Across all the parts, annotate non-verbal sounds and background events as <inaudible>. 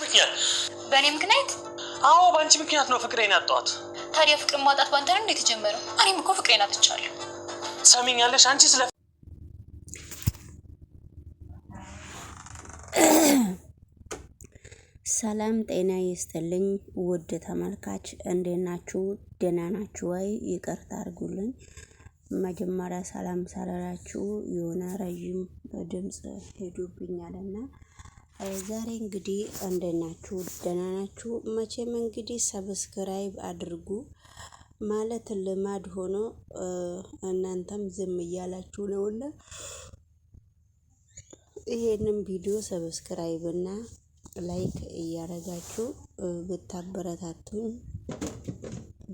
ምክንያት በእኔ ምክንያት? አዎ በአንቺ ምክንያት ነው ፍቅሬን ያጣኋት። ታዲያ ፍቅር ማጣት ባንተ ነው የተጀመረው? እኔም እኮ ፍቅሬን አጥቻለሁ። ሰሚኛለሽ? አንቺ ስለ ሰላም ጤና ይስጥልኝ ውድ ተመልካች እንዴት ናችሁ? ደህና ናችሁ ወይ? ይቅርታ አድርጉልኝ። መጀመሪያ ሰላም ሳላላችሁ የሆነ ረዥም ድምፅ ሄዱብኛልና ዛሬ እንግዲህ እንደናችሁ ደህና ናችሁ? መቼም እንግዲህ ሰብስክራይብ አድርጉ ማለት ልማድ ሆኖ እናንተም ዝም እያላችሁ ነውና ይሄንም ቪዲዮ ሰብስክራይብ እና ላይክ እያረጋችሁ ብታበረታቱኝ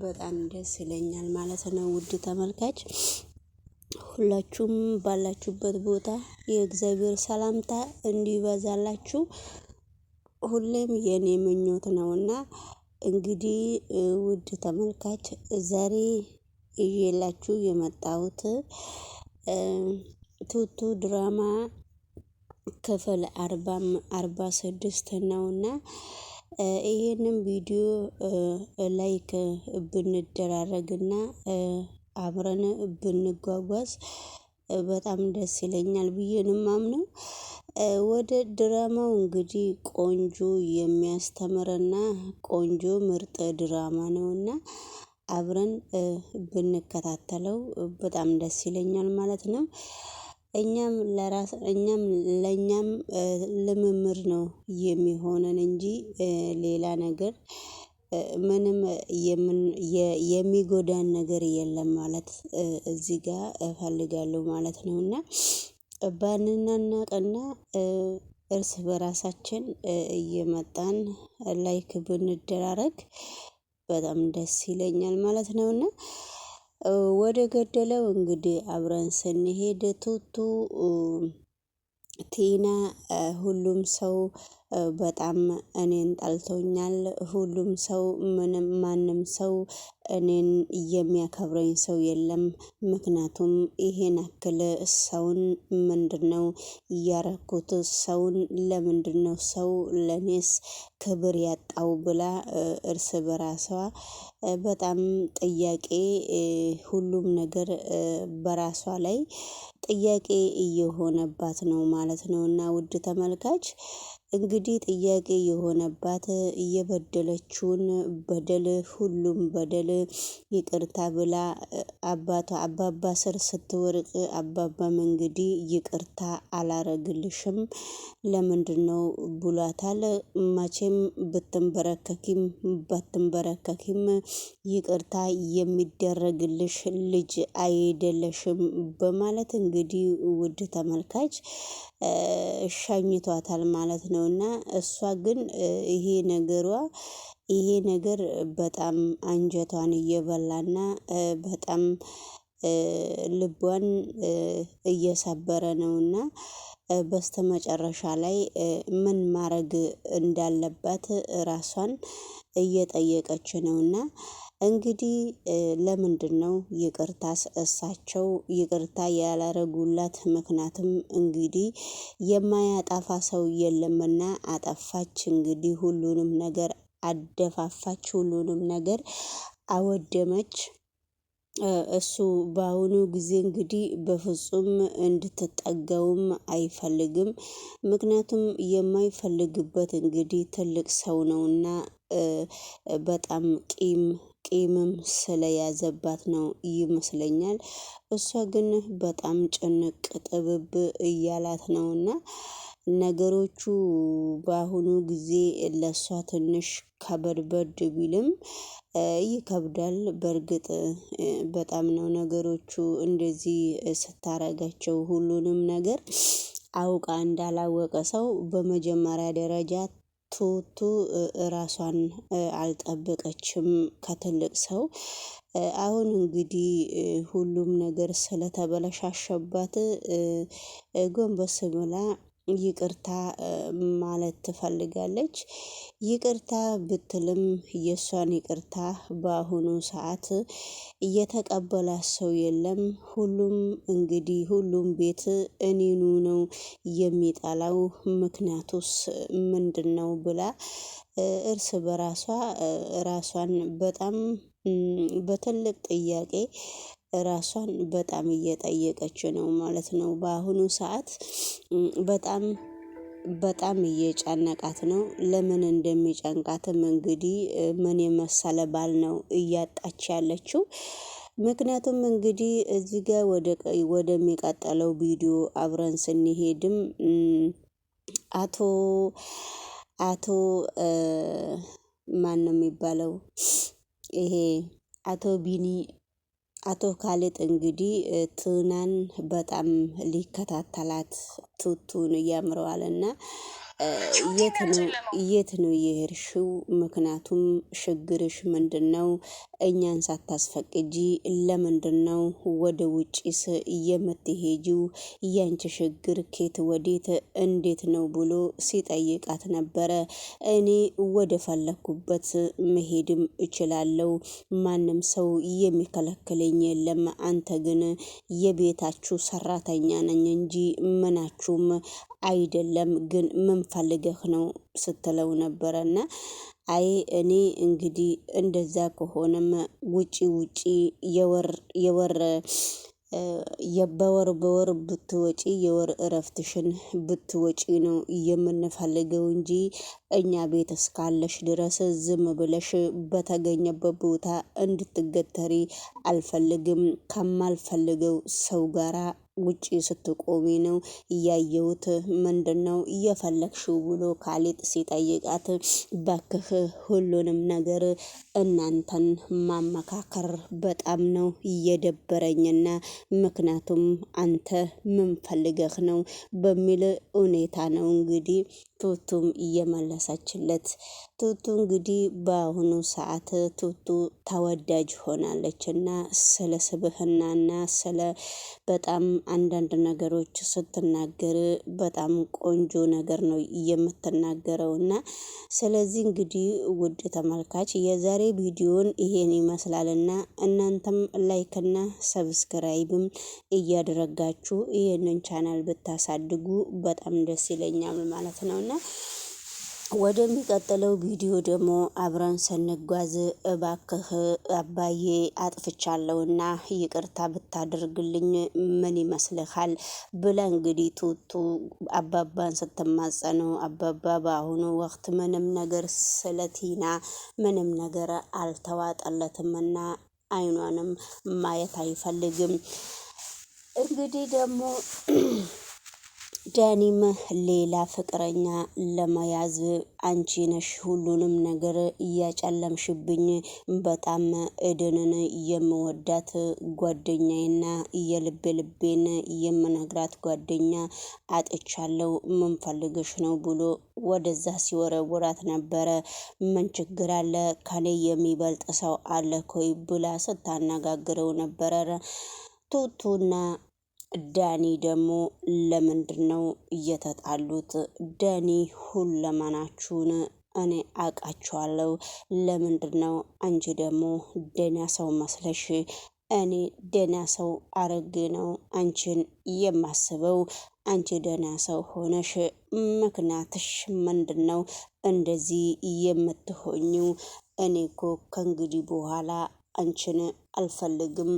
በጣም ደስ ይለኛል ማለት ነው ውድ ተመልካች ሁላችሁም ባላችሁበት ቦታ የእግዚአብሔር ሰላምታ እንዲበዛላችሁ ሁሌም የኔ ምኞት ነውና፣ እንግዲህ ውድ ተመልካች ዛሬ ይዤላችሁ የመጣሁት ቱቱ ድራማ ክፍል አርባ ስድስት ነውና ይሄንም ቪዲዮ ላይክ ብንደራረግና አብረን ብንጓጓዝ በጣም ደስ ይለኛል ብዬ ነው የማምነው። ወደ ድራማው እንግዲህ ቆንጆ የሚያስተምርና ቆንጆ ምርጥ ድራማ እና አብረን ብንከታተለው በጣም ደስ ይለኛል ማለት ነው። እኛም ለራስ እኛም ለእኛም ልምምር ነው የሚሆነን እንጂ ሌላ ነገር ምንም የሚጎዳን ነገር የለም ማለት እዚህ ጋር እፈልጋለሁ ማለት ነው። እና ባንናናቅና እርስ በራሳችን እየመጣን ላይክ ብንደራረግ በጣም ደስ ይለኛል ማለት ነው። እና ወደ ገደለው እንግዲህ አብረን ስንሄድ ቱቱ ቲና ሁሉም ሰው በጣም እኔን ጠልቶኛል። ሁሉም ሰው ምንም ማንም ሰው እኔን የሚያከብረኝ ሰው የለም። ምክንያቱም ይሄን አክል ሰውን ምንድነው እያረኩት? ሰውን ለምንድነው ሰው ለኔስ ክብር ያጣው? ብላ እርስ በራሷ በጣም ጥያቄ ሁሉም ነገር በራሷ ላይ ጥያቄ እየሆነባት ነው ማለት እና ውድ ተመልካች እንግዲህ ጥያቄ የሆነባት እየበደለችውን በደል ሁሉም በደል ይቅርታ ብላ አባቷ አባባ ስር ስትወርቅ አባባም እንግዲህ ይቅርታ አላረግልሽም ለምንድን ነው ብሏታል። መቼም ብትንበረከኪም ባትንበረከኪም ይቅርታ የሚደረግልሽ ልጅ አይደለሽም በማለት እንግዲህ ውድ ተመልካች ሸኝቷታል ማለት ነው። ነው። እና እሷ ግን ይሄ ነገሯ ይሄ ነገር በጣም አንጀቷን እየበላና በጣም ልቧን እየሰበረ ነው በስተ በስተመጨረሻ ላይ ምን ማድረግ እንዳለባት ራሷን እየጠየቀች ነው እና እንግዲህ ነው ይቅርታ እሳቸው ይቅርታ ያላረጉላት? ምክንያቱም እንግዲህ የማያጠፋ ሰው የለምና አጠፋች። እንግዲህ ሁሉንም ነገር አደፋፋች፣ ሁሉንም ነገር አወደመች። እሱ በአሁኑ ጊዜ እንግዲህ በፍጹም እንድትጠጋውም አይፈልግም። ምክንያቱም የማይፈልግበት እንግዲህ ትልቅ ሰው ነውና በጣም ቂም ቂምም ስለያዘባት ነው ይመስለኛል። እሷ ግን በጣም ጭንቅ ጥብብ እያላት ነው እና ነገሮቹ በአሁኑ ጊዜ ለእሷ ትንሽ ከበድበድ ቢልም ይከብዳል። በርግጥ በጣም ነው ነገሮቹ እንደዚህ ስታረጋቸው ሁሉንም ነገር አውቃ እንዳላወቀ ሰው በመጀመሪያ ደረጃ ቱቱ ራሷን አልጠበቀችም ከትልቅ ሰው። አሁን እንግዲህ ሁሉም ነገር ስለተበለሻሸባት ጎንበስ ብላ ይቅርታ ማለት ትፈልጋለች። ይቅርታ ብትልም የእሷን ይቅርታ በአሁኑ ሰዓት እየተቀበላ ሰው የለም። ሁሉም እንግዲህ ሁሉም ቤት እኔኑ ነው የሚጠላው ምክንያቱስ ምንድን ነው ብላ እርስ በራሷ ራሷን በጣም በትልቅ ጥያቄ ራሷን በጣም እየጠየቀች ነው ማለት ነው። በአሁኑ ሰዓት በጣም በጣም እየጨነቃት ነው። ለምን እንደሚጨንቃትም እንግዲህ ምን የመሰለ ባል ነው እያጣች ያለችው። ምክንያቱም እንግዲህ እዚህ ጋር ወደሚቀጠለው ቪዲዮ አብረን ስንሄድም አቶ አቶ ማን ነው የሚባለው? ይሄ አቶ ቢኒ አቶ ካሌጥ እንግዲህ ትናን በጣም ሊከታተላት ቱቱን እያምረዋልና የት ነው የሄድሽው? ምክንያቱም ችግርሽ ምንድን ነው? እኛን ሳታስፈቅጂ ለምንድን ነው ወደ ውጭስ የምትሄጂው? ያንቺ ችግር ኬት ወዴት እንዴት ነው ብሎ ሲጠይቃት ነበረ። እኔ ወደ ፈለግኩበት መሄድም እችላለሁ፣ ማንም ሰው የሚከለክለኝ የለም። አንተ ግን የቤታችሁ ሰራተኛ ነኝ እንጂ ምናችሁም አይደለም ግን ምን ፈልገህ ነው ስትለው ነበረና አይ እኔ እንግዲህ እንደዛ ከሆነም ውጪ ውጪ የወር በወር በወር ብትወጪ የወር እረፍትሽን ብትወጪ ነው የምንፈልገው እንጂ እኛ ቤት እስካለሽ ድረስ ዝም ብለሽ በተገኘበት ቦታ እንድትገተሪ አልፈልግም። ከማልፈልገው ሰው ጋራ ውጪ ስትቆሚ ነው እያየሁት ምንድን ነው እየፈለግሽው ብሎ ካሌጥ ሲጠይቃት ባክህ ሁሉንም ነገር እናንተን ማመካከር በጣም ነው እየደበረኝና ምክንያቱም አንተ ምን ፈልገህ ነው በሚል ሁኔታ ነው እንግዲህ ቱቱም እየመለሰችለት ቱቱ እንግዲህ በአሁኑ ሰዓት ቱቱ ተወዳጅ ሆናለች እና ስለ ስብህናና ስለ በጣም አንዳንድ ነገሮች ስትናገር በጣም ቆንጆ ነገር ነው የምትናገረው እና ስለዚህ እንግዲህ ውድ ተመልካች የዛሬ ቪዲዮን ይሄን ይመስላልና እናንተም ላይክና ሰብስክራይብም እያደረጋችሁ ይህንን ቻናል ብታሳድጉ በጣም ደስ ይለኛል ማለት ነው። እና ወደሚቀጥለው ቪዲዮ ደግሞ አብረን ስንጓዝ እባክህ አባዬ አጥፍቻለሁና ይቅርታ ብታደርግልኝ ምን ይመስልሃል? ብለ እንግዲህ ቱቱ አባባን ስትማጸነው አባባ በአሁኑ ወቅት ምንም ነገር ስለቲና ምንም ነገር አልተዋጠለትምና አይኗንም ማየት አይፈልግም። እንግዲህ ደግሞ ዳኒም ሌላ ፍቅረኛ ለመያዝ አንቺ ነሽ ሁሉንም ነገር እያጨለምሽብኝ፣ በጣም እድንን የምወዳት ጓደኛዬና የልቤ ልቤን የምነግራት ጓደኛ አጥቻለሁ፣ ምን ፈልገሽ ነው ብሎ ወደዛ ሲወረውራት ነበረ። ምን ችግር አለ ከኔ የሚበልጥ ሰው አለ ኮይ ብላ ስታነጋግረው ነበረ ቱቱና ዳኒ ደግሞ ለምንድን ነው እየተጣሉት? ዳኒ ሁለመናችሁን እኔ አውቃችኋለሁ። ለምንድን ነው አንቺ ደግሞ ደህና ሰው መስለሽ እኔ ደህና ሰው አረግ ነው አንቺን የማስበው አንቺ ደህና ሰው ሆነሽ ምክንያትሽ ምንድን ነው እንደዚህ የምትሆኙ? እኔ እኮ ከእንግዲህ በኋላ አንቺን አልፈልግም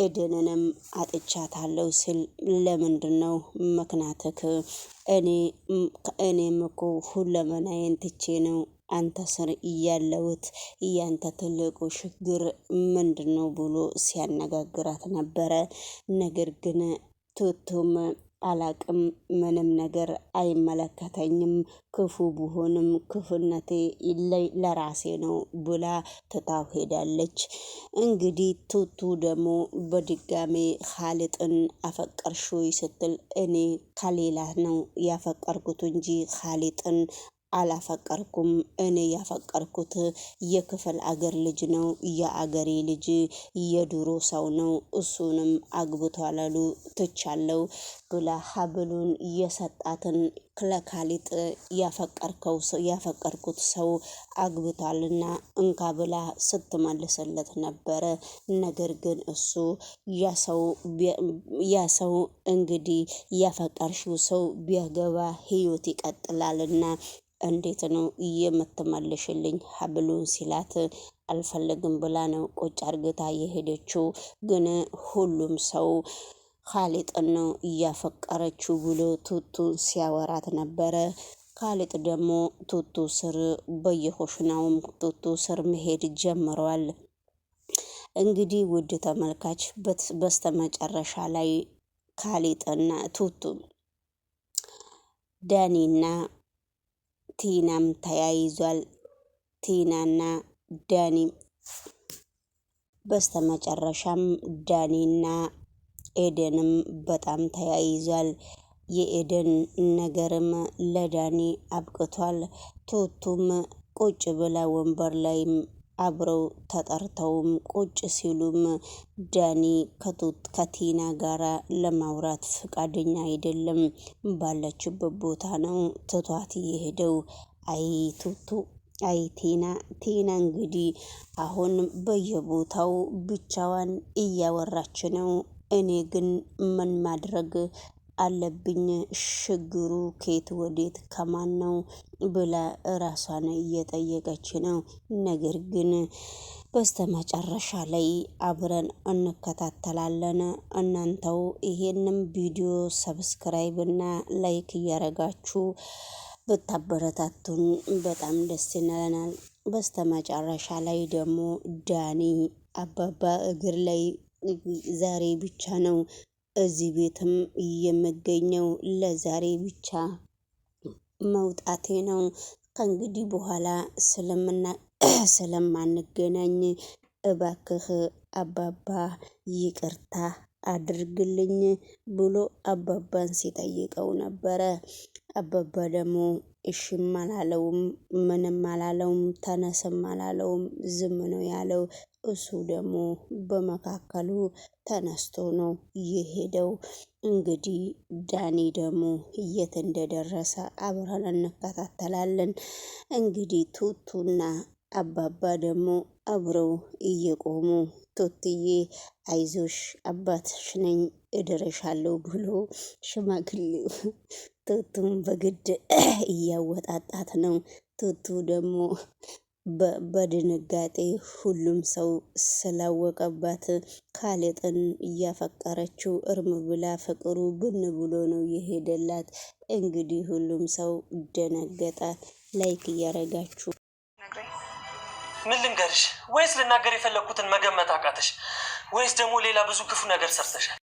ኤደንንም አጥቻታለሁ ሲል ለምንድን ነው ምክንያትክ? እኔ እኔም እኮ ሁለመናዬን ትቼ ነው አንተ ስር እያለሁት እያንተ ትልቁ ችግር ምንድን ነው ብሎ ሲያነጋግራት ነበረ። ነገር ግን ቱቱም አላቅም ምንም ነገር አይመለከተኝም፣ ክፉ ብሆንም ክፉነቴ ለራሴ ነው ብላ ትታው ሄዳለች። እንግዲህ ቱቱ ደግሞ በድጋሜ ኻሊጥን አፈቀርሹ ስትል እኔ ከሌላ ነው ያፈቀርኩት እንጂ ኻሊጥን አላፈቀርኩም። እኔ ያፈቀርኩት የክፍል አገር ልጅ ነው። የአገሬ ልጅ የድሮ ሰው ነው። እሱንም አግብቷል አሉ ትቻለው ብላ ሀብሉን የሰጣትን ክለካሊጥ ያፈቀርከው ያፈቀርኩት ሰው አግብቷልና እንካ ብላ ስትመልስለት ነበረ። ነገር ግን እሱ ያ ሰው እንግዲህ ያፈቀርሽው ሰው ቢያገባ ህይወት ይቀጥላልና እንዴት ነው የምትመልሽልኝ ሀብሉን ሲላት አልፈለግም ብላ ነው ቁጭ አርግታ የሄደችው። ግን ሁሉም ሰው ካሊጥን ነው እያፈቀረችው ብሎ ቱቱ ሲያወራት ነበረ። ካሊጥ ደግሞ ቱቱ ስር በየኮሽናውም ቱቱ ስር መሄድ ጀምረዋል። እንግዲህ ውድ ተመልካች በስተመጨረሻ ላይ ካሊጥና ቱቱ ዳኒና ቲናም ተያይዟል። ቲናና ዳኒ በስተመጨረሻም ዳኒና ኤደንም በጣም ተያይዟል። የኤደን ነገርም ለዳኒ አብቅቷል። ቱቱም ቁጭ ብላ ወንበር ላይም አብረው ተጠርተውም ቁጭ ሲሉም ዳኒ ከቲና ጋር ለማውራት ፍቃደኛ አይደለም። ባለችበት ቦታ ነው ትቷት የሄደው። አይ ቱቱ አይ ቲና ቲና እንግዲህ አሁን በየቦታው ብቻዋን እያወራች ነው። እኔ ግን ምን ማድረግ አለብኝ። ችግሩ ከየት ወዴት ከማን ነው ብላ ራሷን እየጠየቀች ነው። ነገር ግን በስተመጨረሻ ላይ አብረን እንከታተላለን። እናንተው ይሄንም ቪዲዮ ሰብስክራይብ እና ላይክ እያረጋችሁ ብታበረታቱን በጣም ደስ ይለናል። በስተመጨረሻ ላይ ደግሞ ዳኒ አባባ እግር ላይ ዛሬ ብቻ ነው እዚህ ቤትም የምገኘው ለዛሬ ብቻ መውጣቴ ነው። ከእንግዲህ በኋላ <clears throat> ስለማንገናኝ እባክህ አባባ ይቅርታ አድርግልኝ ብሎ አባባን ሲጠይቀው ነበረ። አባባ ደግሞ እሽም አላለውም፣ ምንም አላለውም፣ ተነስም አላለውም፣ ዝም ነው ያለው። እሱ ደግሞ በመካከሉ ተነስቶ ነው የሄደው። እንግዲህ ዳኒ ደግሞ የት እንደደረሰ አብረን እንከታተላለን። እንግዲህ ቱቱና አባባ ደግሞ አብረው እየቆሙ ቱትዬ አይዞሽ አባትሽ ነኝ እድርሻለሁ ብሎ ሽማግሌው ቱቱን በግድ እያወጣጣት ነው። ቱቱ ደግሞ በድንጋጤ ሁሉም ሰው ስላወቀባት ካሌጥን እያፈቀረችው እርም ብላ ፍቅሩ ብን ብሎ ነው የሄደላት። እንግዲህ ሁሉም ሰው ደነገጠ። ላይክ እያረጋችሁ ምን ልንገርሽ? ወይስ ልናገር የፈለግኩትን መገመት አቃተሽ? ወይስ ደግሞ ሌላ ብዙ ክፉ ነገር ሰርተሻል?